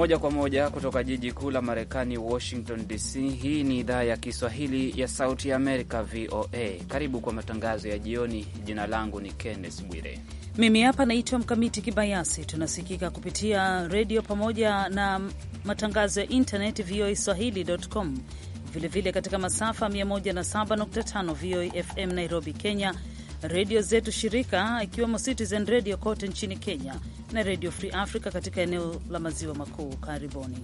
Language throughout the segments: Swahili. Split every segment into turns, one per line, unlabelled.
moja kwa moja kutoka jiji kuu la Marekani, Washington DC. Hii ni idhaa ya Kiswahili ya Sauti ya Amerika, VOA. Karibu kwa matangazo ya jioni. Jina langu ni Kenneth Bwire,
mimi hapa naitwa Mkamiti Kibayasi. Tunasikika kupitia redio pamoja na matangazo ya internet, voa swahili.com, vilevile katika masafa 107.5 VOA FM Nairobi, Kenya redio zetu shirika ikiwemo Citizen Radio kote nchini Kenya na Radio Free Africa katika eneo la maziwa makuu. Karibuni.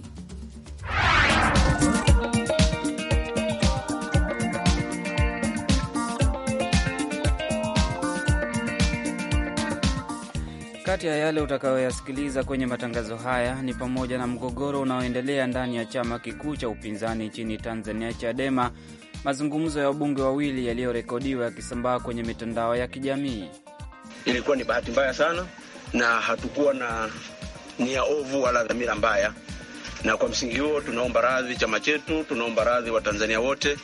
Kati ya yale utakayoyasikiliza kwenye matangazo haya ni pamoja na mgogoro unaoendelea ndani ya chama kikuu cha upinzani nchini Tanzania, Chadema, mazungumzo ya wabunge wawili yaliyorekodiwa yakisambaa kwenye mitandao ya kijamii.
Ilikuwa ni bahati mbaya sana, na hatukuwa na nia ovu wala dhamira mbaya, na kwa msingi huo tunaomba radhi chama chetu, tunaomba radhi Watanzania wote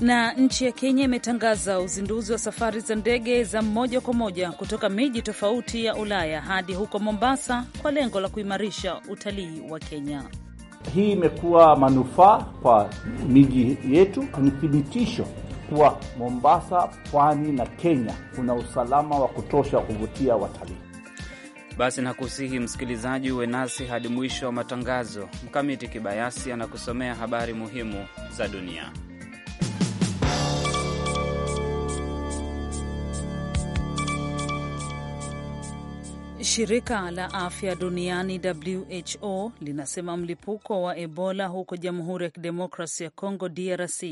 na nchi ya Kenya imetangaza uzinduzi wa safari za ndege za moja kwa moja kutoka miji tofauti ya Ulaya hadi huko Mombasa kwa lengo la kuimarisha utalii wa Kenya.
Hii imekuwa manufaa kwa miji yetu. Ni thibitisho kuwa Mombasa, pwani na Kenya kuna usalama wa kutosha kuvutia watalii.
Basi nakusihi msikilizaji, uwe nasi hadi mwisho wa matangazo. Mkamiti Kibayasi anakusomea habari muhimu za dunia.
Shirika la afya duniani WHO linasema mlipuko wa Ebola huko Jamhuri ya Kidemokrasi ya congo DRC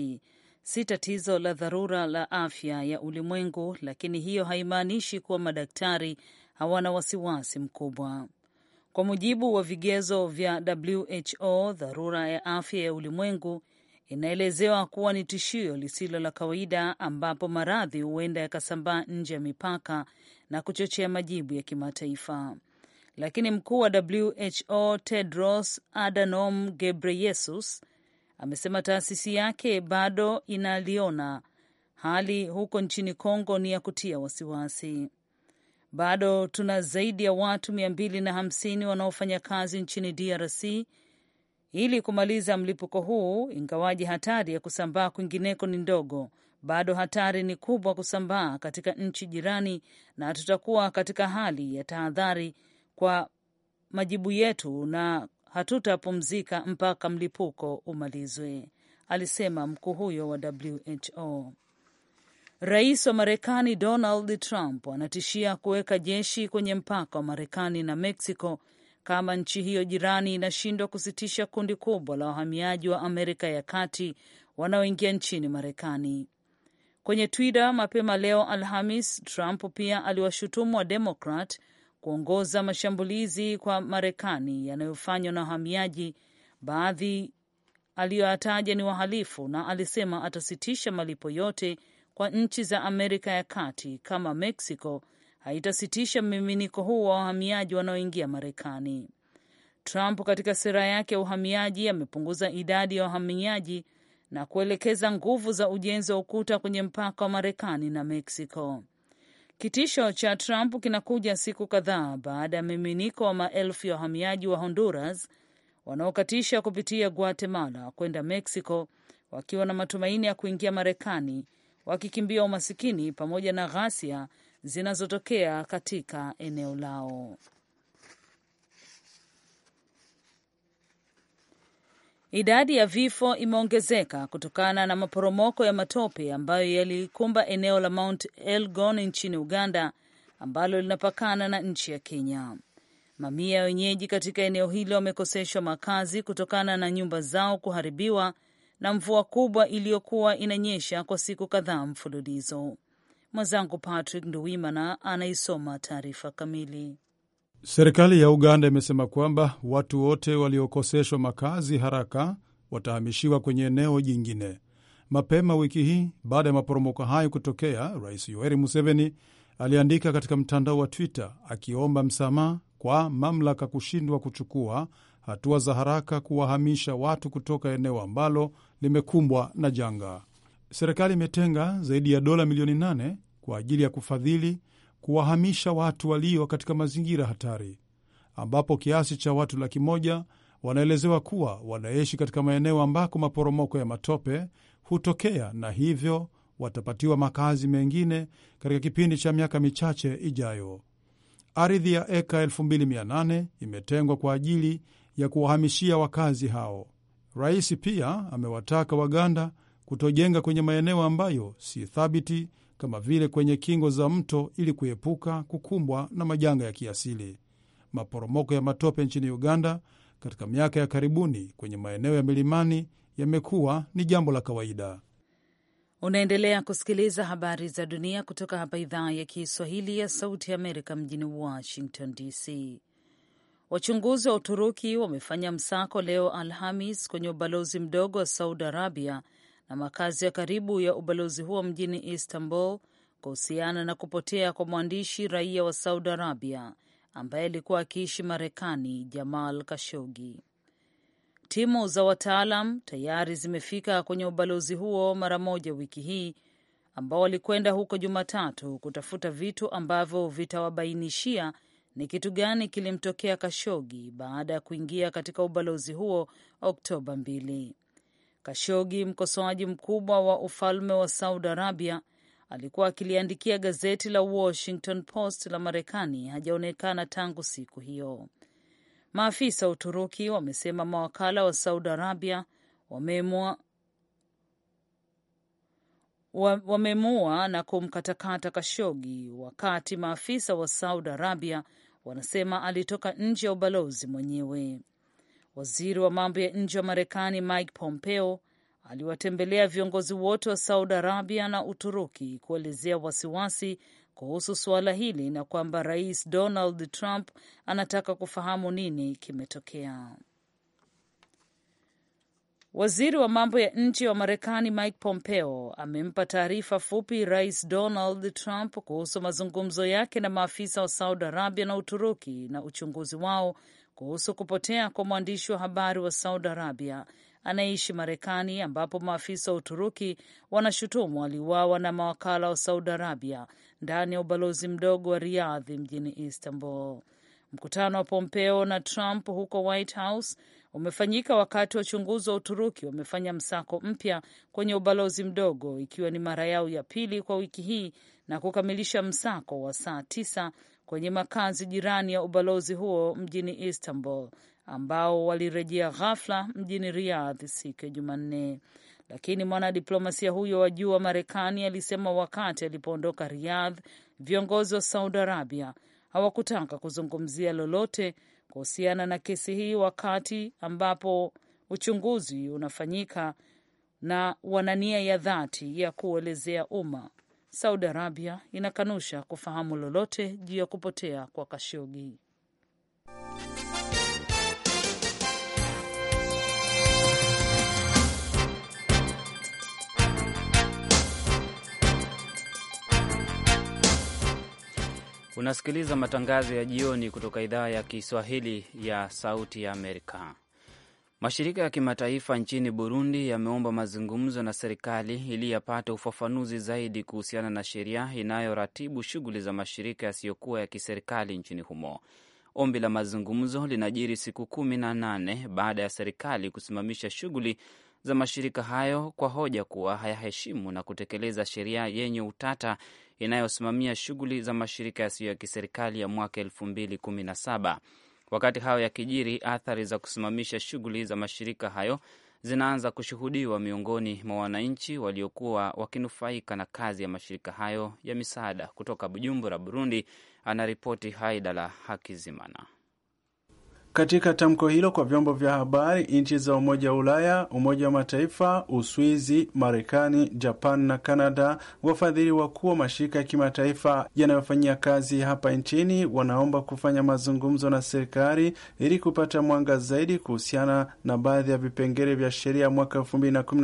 si tatizo la dharura la afya ya ulimwengu, lakini hiyo haimaanishi kuwa madaktari hawana wasiwasi mkubwa. Kwa mujibu wa vigezo vya WHO, dharura ya afya ya ulimwengu inaelezewa kuwa ni tishio lisilo la kawaida ambapo maradhi huenda yakasambaa nje ya mipaka na kuchochea majibu ya kimataifa. Lakini mkuu wa WHO Tedros Adhanom Ghebreyesus amesema taasisi yake bado inaliona hali huko nchini Kongo ni ya kutia wasiwasi. Bado tuna zaidi ya watu 250 wanaofanya kazi nchini DRC ili kumaliza mlipuko huu, ingawaji hatari ya kusambaa kwingineko ni ndogo, bado hatari ni kubwa kusambaa katika nchi jirani, na tutakuwa katika hali ya tahadhari kwa majibu yetu na hatutapumzika mpaka mlipuko umalizwe, alisema mkuu huyo wa WHO. Rais wa Marekani Donald Trump anatishia kuweka jeshi kwenye mpaka wa Marekani na Mexico kama nchi hiyo jirani inashindwa kusitisha kundi kubwa la wahamiaji wa Amerika ya Kati wanaoingia nchini Marekani. Kwenye Twitter mapema leo Alhamis, Trump pia aliwashutumu wa Demokrat kuongoza mashambulizi kwa Marekani yanayofanywa na wahamiaji, baadhi aliyoyataja ni wahalifu, na alisema atasitisha malipo yote kwa nchi za Amerika ya Kati kama Mexico haitasitisha mmiminiko huu wa wahamiaji wanaoingia Marekani. Trump katika sera yake ya uhamiaji amepunguza idadi ya wahamiaji na kuelekeza nguvu za ujenzi wa ukuta kwenye mpaka wa Marekani na Meksiko. Kitisho cha Trump kinakuja siku kadhaa baada ya miminiko wa maelfu ya wahamiaji wa Honduras wanaokatisha kupitia Guatemala kwenda Meksiko wakiwa na matumaini ya kuingia Marekani, wakikimbia umasikini pamoja na ghasia zinazotokea katika eneo lao. Idadi ya vifo imeongezeka kutokana na maporomoko ya matope ambayo yalikumba eneo la Mount Elgon nchini Uganda ambalo linapakana na nchi ya Kenya. Mamia ya wenyeji katika eneo hilo wamekoseshwa makazi kutokana na nyumba zao kuharibiwa na mvua kubwa iliyokuwa inanyesha kwa siku kadhaa mfululizo. Mwenzangu Patrick Nduwimana anaisoma taarifa kamili.
Serikali ya Uganda imesema kwamba watu wote waliokoseshwa makazi haraka watahamishiwa kwenye eneo jingine. Mapema wiki hii, baada ya maporomoko hayo kutokea, Rais Yoweri Museveni aliandika katika mtandao wa Twitter akiomba msamaha kwa mamlaka kushindwa kuchukua hatua za haraka kuwahamisha watu kutoka eneo ambalo limekumbwa na janga. Serikali imetenga zaidi ya dola milioni nane kwa ajili ya kufadhili kuwahamisha watu walio katika mazingira hatari, ambapo kiasi cha watu laki moja wanaelezewa kuwa wanaishi katika maeneo ambako maporomoko ya matope hutokea na hivyo watapatiwa makazi mengine katika kipindi cha miaka michache ijayo. Ardhi ya eka 2800 imetengwa kwa ajili ya kuwahamishia wakazi hao. Rais pia amewataka Waganda kutojenga kwenye maeneo ambayo si thabiti kama vile kwenye kingo za mto ili kuepuka kukumbwa na majanga ya kiasili. Maporomoko ya matope nchini Uganda katika miaka ya karibuni kwenye maeneo ya milimani yamekuwa ni jambo la kawaida.
Unaendelea kusikiliza habari za dunia kutoka hapa idhaa ya Kiswahili ya Sauti ya Amerika mjini Washington DC. Wachunguzi wa Uturuki wamefanya msako leo Alhamis kwenye ubalozi mdogo wa Saudi Arabia na makazi ya karibu ya ubalozi huo mjini Istanbul kuhusiana na kupotea kwa mwandishi raia wa Saudi Arabia ambaye alikuwa akiishi Marekani, Jamal Kashogi. Timu za wataalam tayari zimefika kwenye ubalozi huo mara moja wiki hii, ambao walikwenda huko Jumatatu kutafuta vitu ambavyo vitawabainishia ni kitu gani kilimtokea Kashogi baada ya kuingia katika ubalozi huo Oktoba mbili. Kashogi, mkosoaji mkubwa wa ufalme wa Saudi Arabia, alikuwa akiliandikia gazeti la Washington Post la Marekani hajaonekana tangu siku hiyo. Maafisa wa Uturuki wamesema mawakala wa Saudi Arabia wamemua wamemuua na kumkatakata Kashogi, wakati maafisa wa Saudi Arabia wanasema alitoka nje ya ubalozi mwenyewe. Waziri wa mambo ya nje wa Marekani Mike Pompeo aliwatembelea viongozi wote wa Saudi Arabia na Uturuki kuelezea wasiwasi kuhusu suala hili na kwamba Rais Donald Trump anataka kufahamu nini kimetokea. Waziri wa mambo ya nje wa Marekani Mike Pompeo amempa taarifa fupi Rais Donald Trump kuhusu mazungumzo yake na maafisa wa Saudi Arabia na Uturuki na uchunguzi wao kuhusu kupotea kwa mwandishi wa habari wa Saudi Arabia anayeishi Marekani, ambapo maafisa wa Uturuki wanashutumu waliuawa na mawakala wa Saudi Arabia ndani ya ubalozi mdogo wa Riadhi mjini Istanbul. Mkutano wa Pompeo na Trump huko White House umefanyika wakati wachunguzi wa Uturuki wamefanya msako mpya kwenye ubalozi mdogo, ikiwa ni mara yao ya pili kwa wiki hii na kukamilisha msako wa saa tisa kwenye makazi jirani ya ubalozi huo mjini Istanbul, ambao walirejea ghafla mjini Riyadh siku ya Jumanne, lakini mwanadiplomasia huyo wa juu wa Marekani alisema wakati alipoondoka Riyadh, viongozi wa Saudi Arabia hawakutaka kuzungumzia lolote kuhusiana na kesi hii wakati ambapo uchunguzi unafanyika na wana nia ya dhati ya kuelezea umma Saudi Arabia inakanusha kufahamu lolote juu ya kupotea kwa Kashogi.
Unasikiliza matangazo ya jioni kutoka idhaa ya Kiswahili ya Sauti ya Amerika. Mashirika ya kimataifa nchini Burundi yameomba mazungumzo na serikali ili yapate ufafanuzi zaidi kuhusiana na sheria inayoratibu shughuli za mashirika yasiyokuwa ya kiserikali nchini humo. Ombi la mazungumzo linajiri siku kumi na nane baada ya serikali kusimamisha shughuli za mashirika hayo kwa hoja kuwa hayaheshimu na kutekeleza sheria yenye utata inayosimamia shughuli za mashirika yasiyo ya kiserikali ya mwaka elfu mbili kumi na saba. Wakati hayo yakijiri, athari za kusimamisha shughuli za mashirika hayo zinaanza kushuhudiwa miongoni mwa wananchi waliokuwa wakinufaika na kazi ya mashirika hayo ya misaada. Kutoka Bujumbura, Burundi, anaripoti Haidala Hakizimana.
Katika tamko hilo kwa vyombo vya habari, nchi za Umoja wa Ulaya, Umoja wa Mataifa, Uswizi, Marekani, Japan na Kanada, wafadhili wakuu wa mashirika ya kimataifa yanayofanyia kazi hapa nchini, wanaomba kufanya mazungumzo na serikali ili kupata mwanga zaidi kuhusiana na baadhi ya vipengele vya sheria mwaka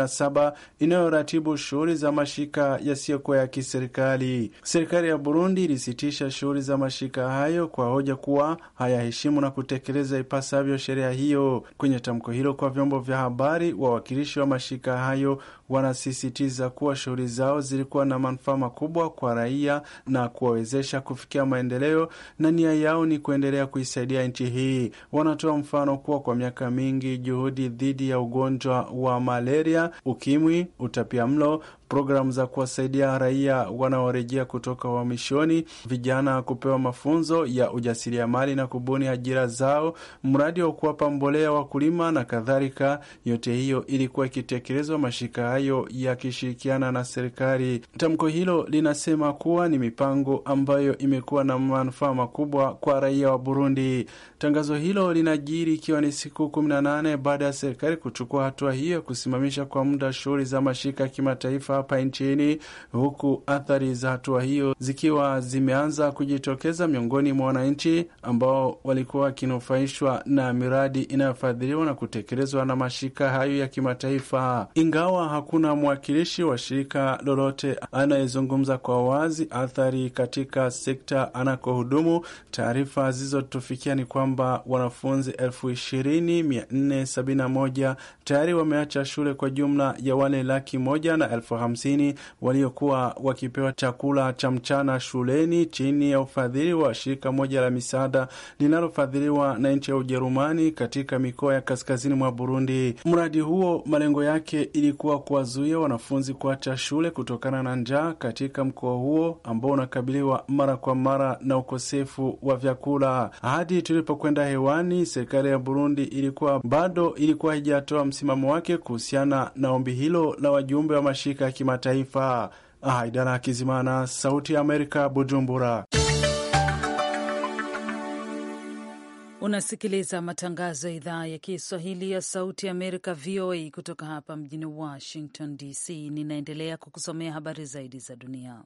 saba inayoratibu shughuli za mashirika yasiyokuwa ya kiserikali. Serikali ya Burundi ilisitisha shughuli za mashirika hayo kwa hoja kuwa hayaheshimu na kutekeleza ipasavyo sheria hiyo. Kwenye tamko hilo kwa vyombo vya habari, wawakilishi wa mashirika hayo wanasisitiza kuwa shughuli zao zilikuwa na manufaa makubwa kwa raia na kuwawezesha kufikia maendeleo na nia yao ni kuendelea kuisaidia nchi hii. Wanatoa mfano kuwa kwa miaka mingi juhudi dhidi ya ugonjwa wa malaria, ukimwi, utapiamlo programu za kuwasaidia raia wanaorejea kutoka uhamishoni, vijana kupewa mafunzo ya ujasiriamali na kubuni ajira zao, mradi wa kuwapa mbolea wakulima na kadhalika. Yote hiyo ilikuwa ikitekelezwa mashirika hayo yakishirikiana na serikali. Tamko hilo linasema kuwa ni mipango ambayo imekuwa na manufaa makubwa kwa raia wa Burundi. Tangazo hilo linajiri ikiwa ni siku 18 baada ya serikali kuchukua hatua hiyo ya kusimamisha kwa muda shughuli za mashirika ya kimataifa hapa nchini, huku athari za hatua hiyo zikiwa zimeanza kujitokeza miongoni mwa wananchi ambao walikuwa wakinufaishwa na miradi inayofadhiliwa na kutekelezwa na mashirika hayo ya kimataifa, ingawa haku hakuna mwakilishi wa shirika lolote anayezungumza kwa wazi athari katika sekta anakohudumu. Taarifa zilizotufikia ni kwamba wanafunzi 20,471 tayari wameacha shule kwa jumla ya wale laki moja na elfu hamsini waliokuwa wakipewa chakula cha mchana shuleni chini ya ufadhili wa shirika moja la misaada linalofadhiliwa na nchi ya Ujerumani katika mikoa ya kaskazini mwa Burundi. Mradi huo malengo yake ilikuwa kuwazuia wanafunzi kuacha shule kutokana na njaa katika mkoa huo ambao unakabiliwa mara kwa mara na ukosefu wa vyakula. Hadi tulipokwenda hewani, serikali ya Burundi ilikuwa bado ilikuwa haijatoa msimamo wake kuhusiana na ombi hilo la wajumbe wa mashirika ya kimataifa. Haidara Kizimana, Sauti ya Amerika, Bujumbura.
Unasikiliza matangazo ya idhaa ya Kiswahili ya Sauti Amerika, VOA, kutoka hapa mjini Washington DC. Ninaendelea kukusomea habari zaidi za dunia.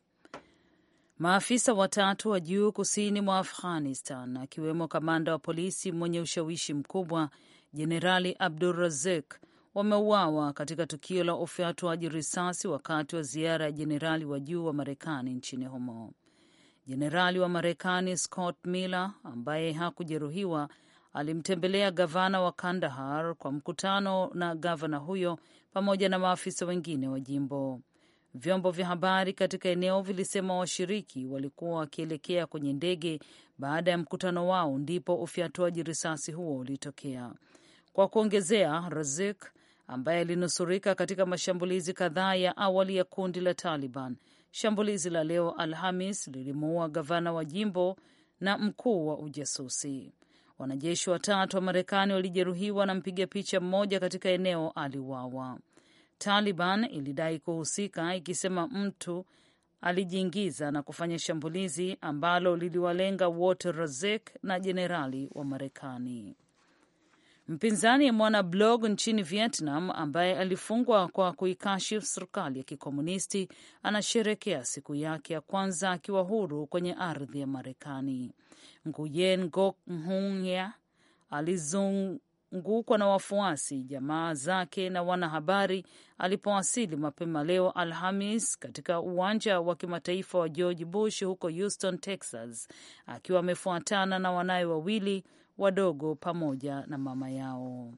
Maafisa watatu wa juu kusini mwa Afghanistan, akiwemo kamanda wa polisi mwenye ushawishi mkubwa Jenerali abdurazek wameuawa katika tukio la ufyatuaji risasi wakati wa ziara ya jenerali wa juu wa Marekani nchini humo. Jenerali wa Marekani Scott Miller ambaye hakujeruhiwa alimtembelea gavana wa Kandahar kwa mkutano na gavana huyo pamoja na maafisa wengine wa jimbo. Vyombo vya habari katika eneo vilisema washiriki walikuwa wakielekea kwenye ndege baada ya mkutano wao, ndipo ufyatuaji risasi huo ulitokea. Kwa kuongezea, Razik ambaye alinusurika katika mashambulizi kadhaa ya awali ya kundi la Taliban Shambulizi la leo Alhamis lilimuua gavana wa jimbo na mkuu wa ujasusi. Wanajeshi watatu wa Marekani walijeruhiwa na mpiga picha mmoja katika eneo aliwawa. Taliban ilidai kuhusika ikisema mtu alijiingiza na kufanya shambulizi ambalo liliwalenga wote Razek na jenerali wa Marekani. Mpinzani mwana blog nchini Vietnam ambaye alifungwa kwa kuikashifu serikali ya kikomunisti anasherekea siku yake ya kwanza akiwa huru kwenye ardhi ya Marekani. Nguyen Gok Nhungya alizungukwa na wafuasi, jamaa zake na wanahabari alipowasili mapema leo Alhamis katika uwanja wa kimataifa wa George Bush huko Houston, Texas, akiwa amefuatana na wanaye wawili wadogo pamoja na mama yao.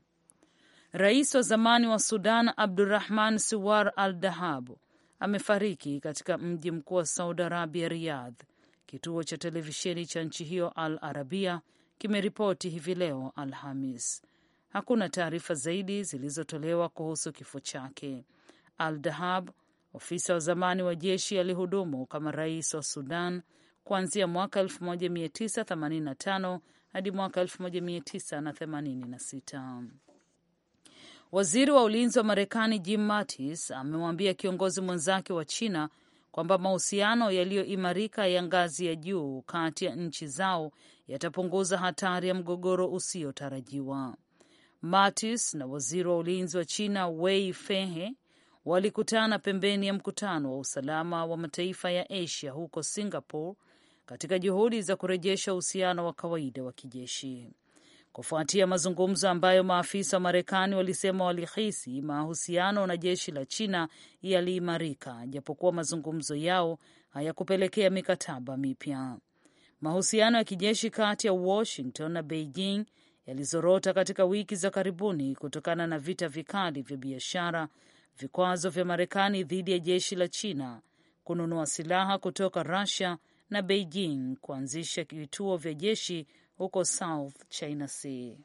Rais wa zamani wa Sudan Abdurahman siwar al Dahabu amefariki katika mji mkuu wa Saudi Arabia, Riyadh. Kituo cha televisheni cha nchi hiyo Al Arabia kimeripoti hivi leo Alhamis. Hakuna taarifa zaidi zilizotolewa kuhusu kifo chake. Al Dahab, ofisa wa zamani wa jeshi, alihudumu kama rais wa Sudan kuanzia mwaka 1985 hadi mwaka 1986. Waziri wa ulinzi wa Marekani Jim Mattis amemwambia kiongozi mwenzake wa China kwamba mahusiano yaliyoimarika ya ngazi ya juu kati ya nchi zao yatapunguza hatari ya mgogoro usiotarajiwa. Mattis na waziri wa ulinzi wa China Wei Fenghe walikutana pembeni ya mkutano wa usalama wa mataifa ya Asia huko Singapore katika juhudi za kurejesha uhusiano wa kawaida wa kijeshi kufuatia mazungumzo ambayo maafisa wa Marekani walisema walihisi mahusiano na jeshi la China yaliimarika, japokuwa mazungumzo yao hayakupelekea mikataba mipya. Mahusiano ya kijeshi kati ya Washington na Beijing yalizorota katika wiki za karibuni kutokana na vita vikali vya biashara, vikwazo vya Marekani dhidi ya jeshi la China, kununua silaha kutoka Russia na Beijing kuanzisha vituo vya jeshi huko South China Sea.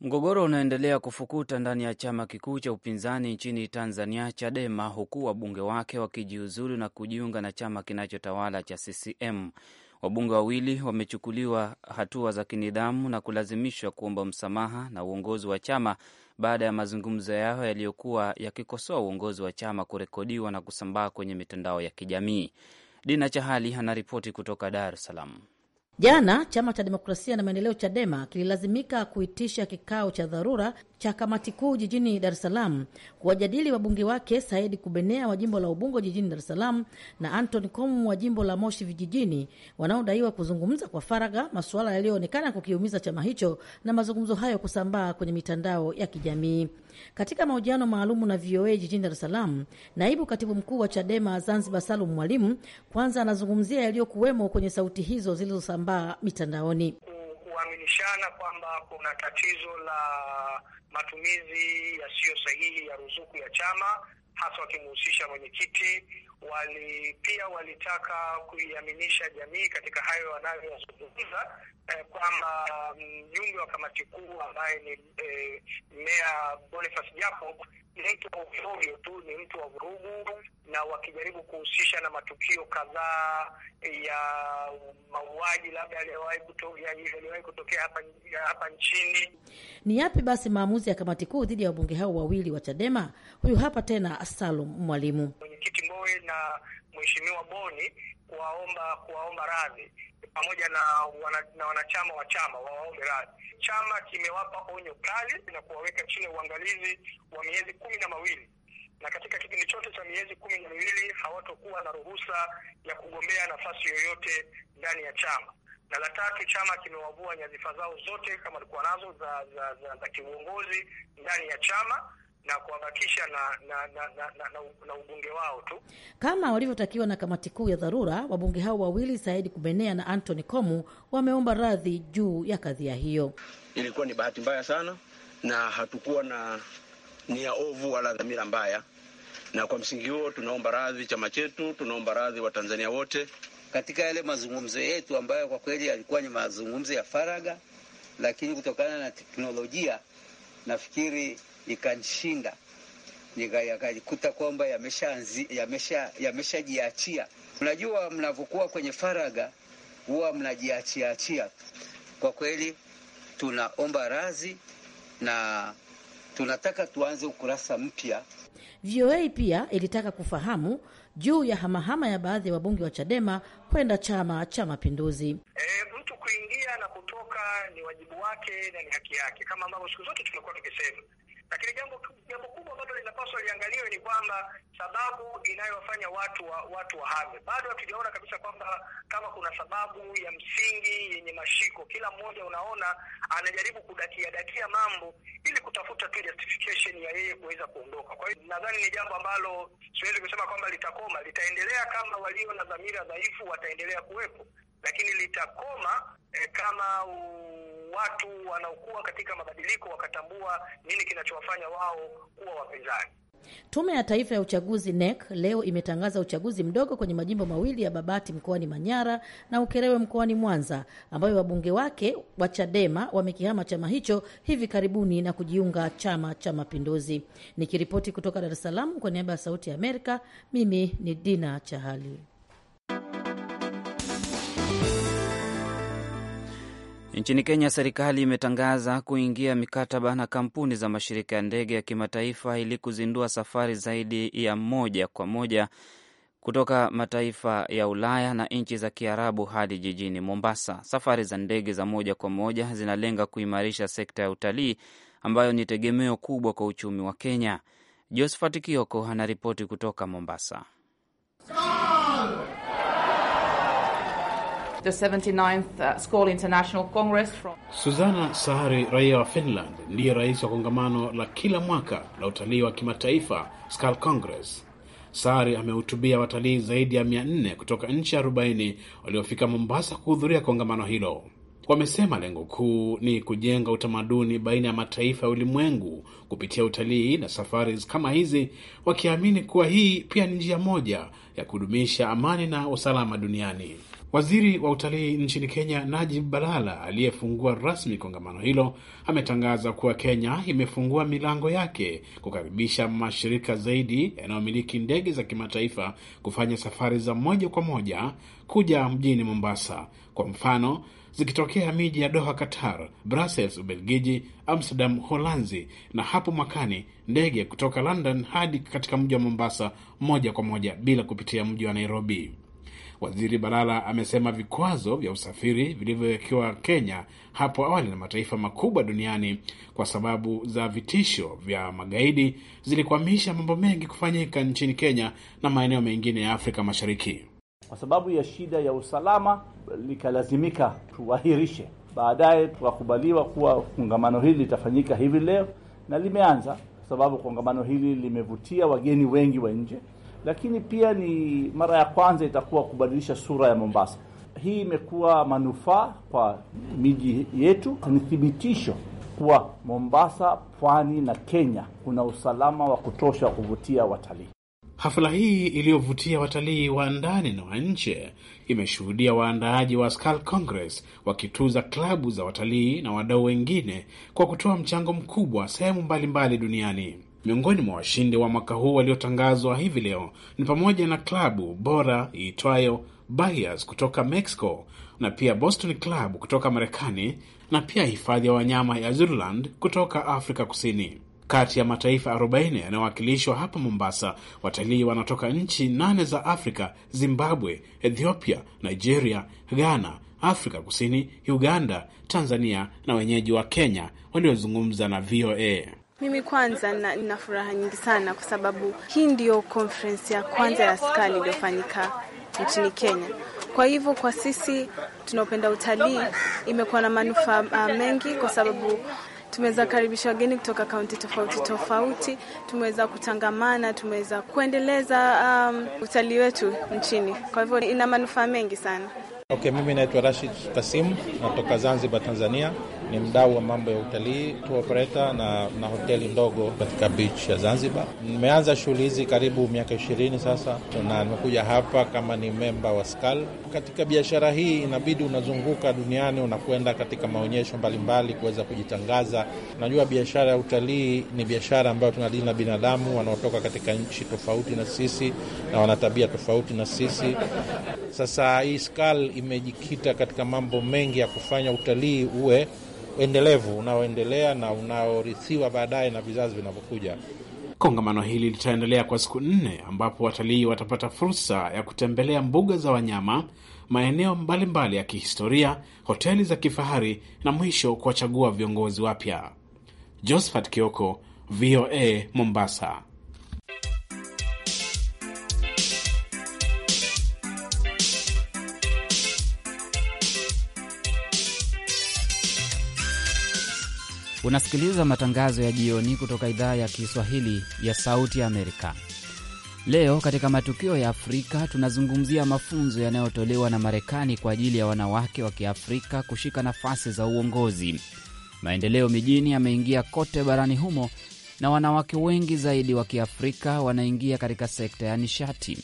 Mgogoro unaendelea kufukuta ndani ya chama kikuu cha upinzani nchini Tanzania, Chadema, huku wabunge wake wakijiuzulu na kujiunga na chama kinachotawala cha CCM. Wabunge wawili wamechukuliwa hatua za kinidhamu na kulazimishwa kuomba msamaha na uongozi wa chama baada ya mazungumzo yao yaliyokuwa yakikosoa uongozi wa chama kurekodiwa na kusambaa kwenye mitandao ya kijamii. Dina Chahali anaripoti kutoka Dar es Salaam.
Jana chama cha demokrasia na maendeleo CHADEMA kililazimika kuitisha kikao cha dharura cha kamati kuu jijini Dar es Salaam kuwajadili wabunge wake Saidi Kubenea wa jimbo la Ubungo jijini Dar es Salaam na Anton com wa jimbo la Moshi vijijini wanaodaiwa kuzungumza kwa faragha masuala yaliyoonekana kukiumiza chama hicho na mazungumzo hayo kusambaa kwenye mitandao ya kijamii. Katika mahojiano maalumu na VOA jijini Dar es Salaam, naibu katibu mkuu wa CHADEMA Zanzibar Salum Mwalimu kwanza anazungumzia yaliyokuwemo kwenye sauti hizo zilizosambaa mitandaoni
kuaminishana kwamba kuna tatizo la matumizi yasiyo sahihi ya ruzuku ya chama hasa wakimhusisha mwenyekiti. Wali pia walitaka kuiaminisha jamii katika hayo wanayoyazungumza, eh, kwamba mm, mjumbe wa kamati kuu ambaye ni eh, meya Boniface Jacob ni mtu wa uvyovyo tu, ni mtu wa vurugu, na wakijaribu kuhusisha na matukio kadhaa ya mauaji labda yaliyowahi kutokea hapa, hapa nchini.
Ni yapi basi maamuzi ya kamati kuu dhidi ya wabunge hao wawili wa Chadema? Huyu hapa tena Salum Mwalimu, mwenyekiti
Mbowe na mheshimiwa Boni kuwaomba kuwaomba radhi pamoja na, wana, na wanachama wa chama waombe radhi. Chama kimewapa onyo kali na kuwaweka chini ya uangalizi wa miezi kumi na mawili na katika kipindi chote cha miezi kumi na miwili hawatokuwa na ruhusa ya kugombea nafasi yoyote ndani ya chama. Na la tatu, chama kimewavua nyadhifa zao zote kama alikuwa nazo za, za, za, za kiuongozi ndani ya chama na kuwabakisha na na na, na, na, na na ubunge wao tu
kama walivyotakiwa na kamati kuu ya dharura. Wabunge hao wawili Saidi Kubenea na Anthony Komu wameomba radhi juu ya kadhia hiyo.
Ilikuwa ni bahati mbaya sana, na hatukuwa na nia ovu wala dhamira mbaya, na kwa msingi huo tunaomba radhi chama chetu, tunaomba radhi Watanzania wote katika yale mazungumzo yetu ambayo kwa kweli
yalikuwa ni mazungumzo ya faraga lakini kutokana na teknolojia nafikiri ikanishinda nikayakuta kwamba yameshajiachia yamesha, yamesha. Mnajua, mnavyokuwa kwenye faraga huwa mnajiachiaachia. Kwa kweli, tunaomba razi na tunataka tuanze ukurasa mpya.
VOA pia ilitaka kufahamu juu ya hamahama ya baadhi ya wabunge wa Chadema kwenda Chama cha Mapinduzi. E,
mtu kuingia na kutoka ni wajibu wake na ni haki yake, kama ambavyo siku zote tumekuwa tukisema lakini jambo jambo kubwa ambalo linapaswa liangaliwe ni kwamba sababu inayowafanya watu wa, watu wahame, bado hatujaona kabisa kwamba kama kuna sababu ya msingi yenye mashiko. Kila mmoja unaona anajaribu kudakia dakia mambo ili kutafuta tu justification ya yeye kuweza kuondoka. Kwa hiyo nadhani ni jambo ambalo siwezi kusema kwamba litakoma, litaendelea kama walio na dhamira dhaifu wataendelea kuwepo, lakini litakoma eh, kama u watu wanaokuwa katika mabadiliko wakatambua nini kinachowafanya wao kuwa
wapinzani. Tume ya Taifa ya Uchaguzi NEC leo imetangaza uchaguzi mdogo kwenye majimbo mawili ya Babati mkoani Manyara na Ukerewe mkoani Mwanza, ambayo wabunge wake wa Chadema wamekihama chama hicho hivi karibuni na kujiunga Chama cha Mapinduzi. Nikiripoti kutoka Dar es Salaam kwa niaba ya Sauti ya Amerika, mimi ni Dina Chahali.
Nchini Kenya, serikali imetangaza kuingia mikataba na kampuni za mashirika ya ndege ya kimataifa ili kuzindua safari zaidi ya moja kwa moja kutoka mataifa ya Ulaya na nchi za Kiarabu hadi jijini Mombasa. Safari za ndege za moja kwa moja zinalenga kuimarisha sekta ya utalii ambayo ni tegemeo kubwa kwa uchumi wa Kenya. Josephat Kioko anaripoti kutoka Mombasa.
the 79th uh, School International Congress from...
Susanna Sahari raia wa Finland ndiye rais wa kongamano la kila mwaka la utalii wa kimataifa Skal Congress. Sahari amehutubia watalii zaidi ya 400 kutoka nchi 40 waliofika Mombasa kuhudhuria kongamano hilo. Wamesema lengo kuu ni kujenga utamaduni baina ya mataifa ya ulimwengu kupitia utalii na safari kama hizi, wakiamini kuwa hii pia ni njia moja ya kudumisha amani na usalama duniani. Waziri wa utalii nchini Kenya, Najib Balala, aliyefungua rasmi kongamano hilo, ametangaza kuwa Kenya imefungua milango yake kukaribisha mashirika zaidi yanayomiliki ndege za kimataifa kufanya safari za moja kwa moja kuja mjini Mombasa, kwa mfano zikitokea miji ya Doha, Qatar, Brussels, Ubelgiji, Amsterdam, Holanzi, na hapo mwakani ndege kutoka London hadi katika mji wa Mombasa moja kwa moja bila kupitia mji wa Nairobi. Waziri Balala amesema vikwazo vya usafiri vilivyowekewa Kenya hapo awali na mataifa makubwa duniani kwa sababu za vitisho vya magaidi zilikwamisha mambo mengi kufanyika nchini Kenya na maeneo mengine ya Afrika Mashariki.
Kwa sababu ya shida ya usalama, likalazimika tuahirishe. Baadaye tukakubaliwa kuwa kongamano hili litafanyika hivi leo na limeanza, kwa sababu kongamano hili limevutia wageni wengi wa nje lakini pia ni mara ya kwanza itakuwa kubadilisha sura ya Mombasa. Hii imekuwa manufaa kwa miji yetu, ni thibitisho kuwa Mombasa, pwani na Kenya kuna usalama wa kutosha wa kuvutia watalii.
Hafla hii iliyovutia watalii wa ndani na wa nje imeshuhudia waandaaji wa Skull Congress wakituza klabu za watalii na wadau wengine kwa kutoa mchango mkubwa sehemu mbalimbali duniani. Miongoni mwa washindi wa mwaka huu waliotangazwa hivi leo ni pamoja na klabu bora iitwayo Bayers kutoka Mexico na pia Boston Club kutoka Marekani na pia hifadhi ya wanyama ya Zululand kutoka Afrika Kusini. Kati ya mataifa 40 yanayowakilishwa hapa Mombasa, watalii wanatoka nchi nane za Afrika: Zimbabwe, Ethiopia, Nigeria, Ghana, Afrika Kusini, Uganda, Tanzania na wenyeji wa Kenya waliozungumza na VOA.
Mimi kwanza na, nina furaha nyingi sana kwa sababu hii ndiyo conference ya kwanza ya Skali iliyofanyika nchini Kenya. Kwa hivyo kwa sisi tunaopenda utalii imekuwa na manufaa ah, mengi kwa sababu tumeweza karibisha wageni kutoka kaunti tofauti tofauti, tumeweza kutangamana, tumeweza kuendeleza um, utalii wetu nchini. Kwa hivyo ina manufaa mengi sana.
Okay, mimi naitwa Rashid Kasim, natoka Zanzibar, Tanzania. Ni mdau wa mambo ya utalii, tour operator na, na hoteli ndogo katika beach ya Zanzibar. Nimeanza shughuli hizi karibu miaka ishirini sasa, na nimekuja hapa kama ni memba wa Skal. Katika biashara hii inabidi unazunguka duniani, unakwenda katika maonyesho mbalimbali kuweza kujitangaza. Najua biashara ya utalii ni biashara ambayo tunadili na binadamu wanaotoka katika nchi tofauti na sisi na wana tabia tofauti na sisi. Sasa hii Skal imejikita katika mambo mengi ya kufanya utalii uwe endelevu, unaoendelea na unaorithiwa baadaye na vizazi vinavyokuja. Kongamano hili litaendelea kwa siku nne, ambapo watalii watapata fursa ya kutembelea mbuga za wanyama, maeneo mbalimbali mbali ya kihistoria, hoteli za kifahari na mwisho kuwachagua viongozi wapya. Josephat Kioko, VOA Mombasa.
Unasikiliza matangazo ya jioni kutoka idhaa ya Kiswahili ya Sauti Amerika. Leo katika matukio ya Afrika tunazungumzia mafunzo yanayotolewa na Marekani kwa ajili ya wanawake wa Kiafrika kushika nafasi za uongozi. Maendeleo mijini yameingia kote barani humo na wanawake wengi zaidi wa Kiafrika wanaingia katika sekta ya nishati,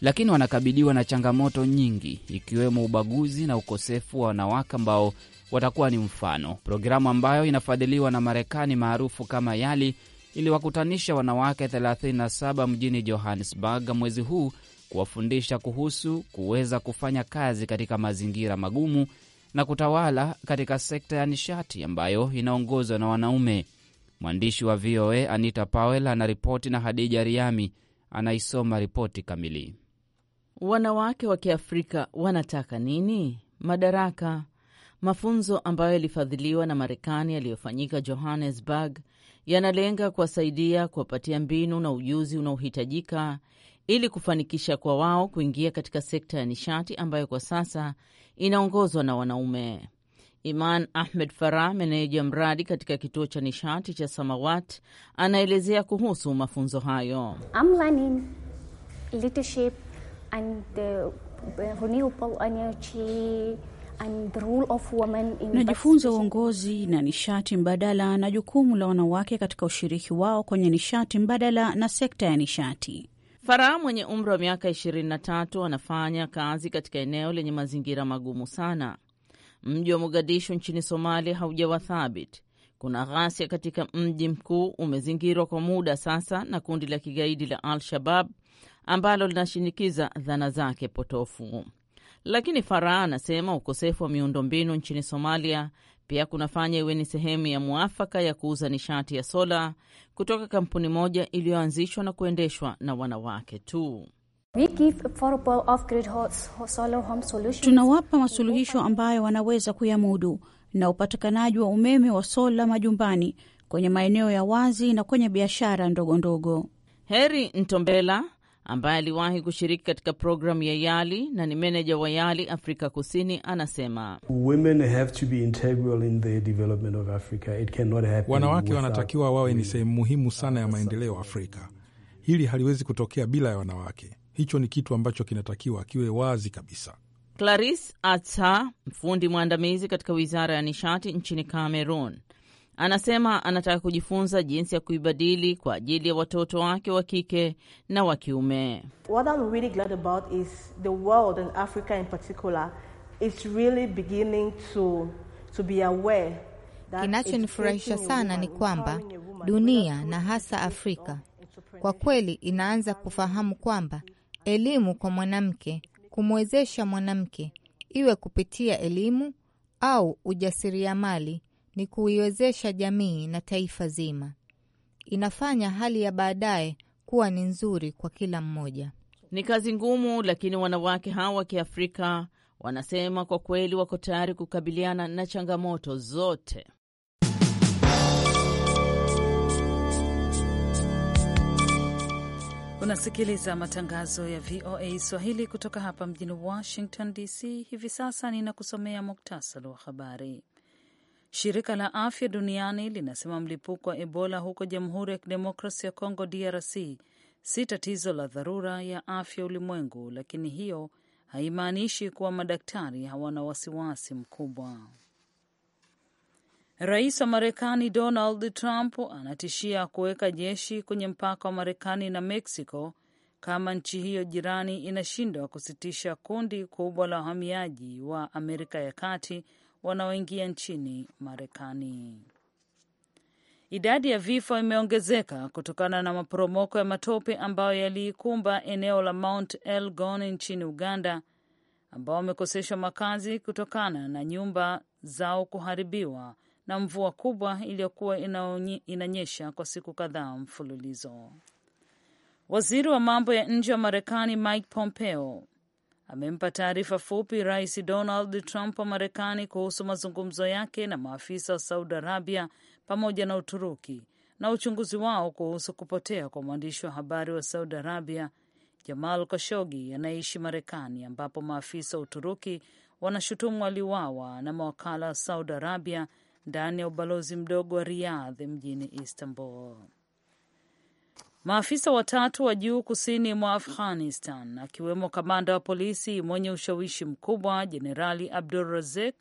lakini wanakabiliwa na changamoto nyingi, ikiwemo ubaguzi na ukosefu wa wanawake ambao watakuwa ni mfano. Programu ambayo inafadhiliwa na Marekani maarufu kama YALI iliwakutanisha wanawake 37 mjini Johannesburg mwezi huu kuwafundisha kuhusu kuweza kufanya kazi katika mazingira magumu na kutawala katika sekta ya nishati ambayo inaongozwa na wanaume. Mwandishi wa VOA Anita Powell anaripoti na Hadija Riami anaisoma ripoti kamili.
Wanawake wa Kiafrika wanataka nini? Madaraka, Mafunzo ambayo yalifadhiliwa na Marekani yaliyofanyika Johannesburg yanalenga kuwasaidia, kuwapatia mbinu na ujuzi unaohitajika ili kufanikisha kwa wao kuingia katika sekta ya nishati ambayo kwa sasa inaongozwa na wanaume. Iman Ahmed Farah, meneja mradi katika kituo cha nishati cha Samawat, anaelezea kuhusu mafunzo hayo.
I'm Najifunza
uongozi na nishati mbadala na jukumu la wanawake katika ushiriki wao kwenye nishati mbadala na sekta ya nishati.
faraha mwenye umri wa miaka 23 anafanya kazi katika eneo lenye mazingira magumu sana. Mji wa Mogadishu nchini Somalia haujawa thabit. Kuna ghasia katika mji mkuu, umezingirwa kwa muda sasa na kundi la kigaidi la Al-Shabab ambalo linashinikiza dhana zake potofu. Lakini Faraa anasema ukosefu wa miundombinu nchini Somalia pia kunafanya iwe ni sehemu ya mwafaka ya kuuza nishati ya sola kutoka kampuni moja iliyoanzishwa na kuendeshwa na wanawake tu.
Tunawapa masuluhisho ambayo wanaweza kuyamudu na upatikanaji wa umeme wa sola majumbani, kwenye maeneo ya wazi na kwenye biashara ndogo ndogo.
Heri Ntombela ambaye aliwahi kushiriki katika programu ya YALI na ni meneja wa YALI Afrika Kusini, anasema
wanawake wanatakiwa
wawe ni sehemu muhimu sana ya maendeleo Afrika. Hili haliwezi kutokea bila ya wanawake. Hicho ni kitu ambacho kinatakiwa kiwe wazi kabisa.
claris Atsa, mfundi mwandamizi katika wizara ya nishati nchini Cameroon, Anasema anataka kujifunza jinsi ya kuibadili kwa ajili ya watoto wake wa kike na wa kiume.
Kinachonifurahisha sana ni kwamba dunia na hasa Afrika kwa kweli inaanza kufahamu kwamba elimu kwa mwanamke, kumwezesha mwanamke iwe kupitia elimu au ujasiriamali ni kuiwezesha jamii na taifa zima. Inafanya hali ya baadaye kuwa ni nzuri kwa kila mmoja. Ni kazi
ngumu, lakini wanawake hawa wa Kiafrika wanasema kwa kweli wako tayari kukabiliana na changamoto zote.
Unasikiliza matangazo ya VOA Swahili kutoka hapa mjini Washington DC. Hivi sasa ninakusomea muktasari wa habari. Shirika la Afya Duniani linasema mlipuko wa Ebola huko Jamhuri ya Kidemokrasi ya Kongo, DRC, si tatizo la dharura ya afya ulimwengu, lakini hiyo haimaanishi kuwa madaktari hawana wasiwasi mkubwa. Rais wa Marekani Donald Trump anatishia kuweka jeshi kwenye mpaka wa Marekani na Mexico kama nchi hiyo jirani inashindwa kusitisha kundi kubwa la wahamiaji wa Amerika ya Kati wanaoingia nchini Marekani. Idadi ya vifo imeongezeka kutokana na maporomoko ya matope ambayo yaliikumba eneo la Mount Elgon nchini Uganda, ambao wamekoseshwa makazi kutokana na nyumba zao kuharibiwa na mvua kubwa iliyokuwa inanyesha kwa siku kadhaa mfululizo. Waziri wa mambo ya nje wa Marekani Mike Pompeo amempa taarifa fupi Rais Donald Trump wa Marekani kuhusu mazungumzo yake na maafisa wa Saudi Arabia pamoja na Uturuki na uchunguzi wao kuhusu kupotea kwa mwandishi wa habari wa Saudi Arabia Jamal Khashoggi anayeishi Marekani, ambapo maafisa wa Uturuki wanashutumu waliwawa na mawakala wa Saudi Arabia ndani ya ubalozi mdogo wa Riyadh mjini Istanbul. Maafisa watatu wa juu kusini mwa Afghanistan, akiwemo kamanda wa polisi mwenye ushawishi mkubwa Jenerali Abdul Razik,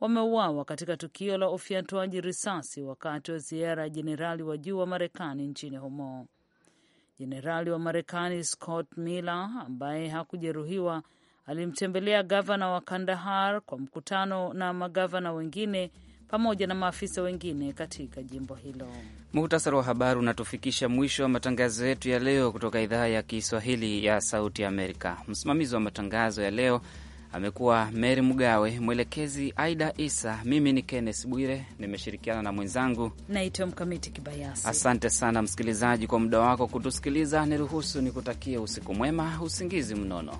wameuawa katika tukio la ufyatuaji risasi wakati wa ziara ya jenerali wa juu wa Marekani nchini humo. Jenerali wa Marekani Scott Miller ambaye hakujeruhiwa alimtembelea gavana wa Kandahar kwa mkutano na magavana wengine pamoja na maafisa wengine katika jimbo hilo.
Muhtasari wa habari unatufikisha mwisho wa matangazo yetu ya leo kutoka idhaa ya Kiswahili ya Sauti Amerika. Msimamizi wa matangazo ya leo amekuwa Meri Mgawe, mwelekezi Aida Isa. Mimi ni Kenneth Bwire, nimeshirikiana na mwenzangu
naitwa Mkamiti Kibayasi. Asante
sana msikilizaji kwa muda wako kutusikiliza. Niruhusu nikutakie usiku mwema, usingizi mnono.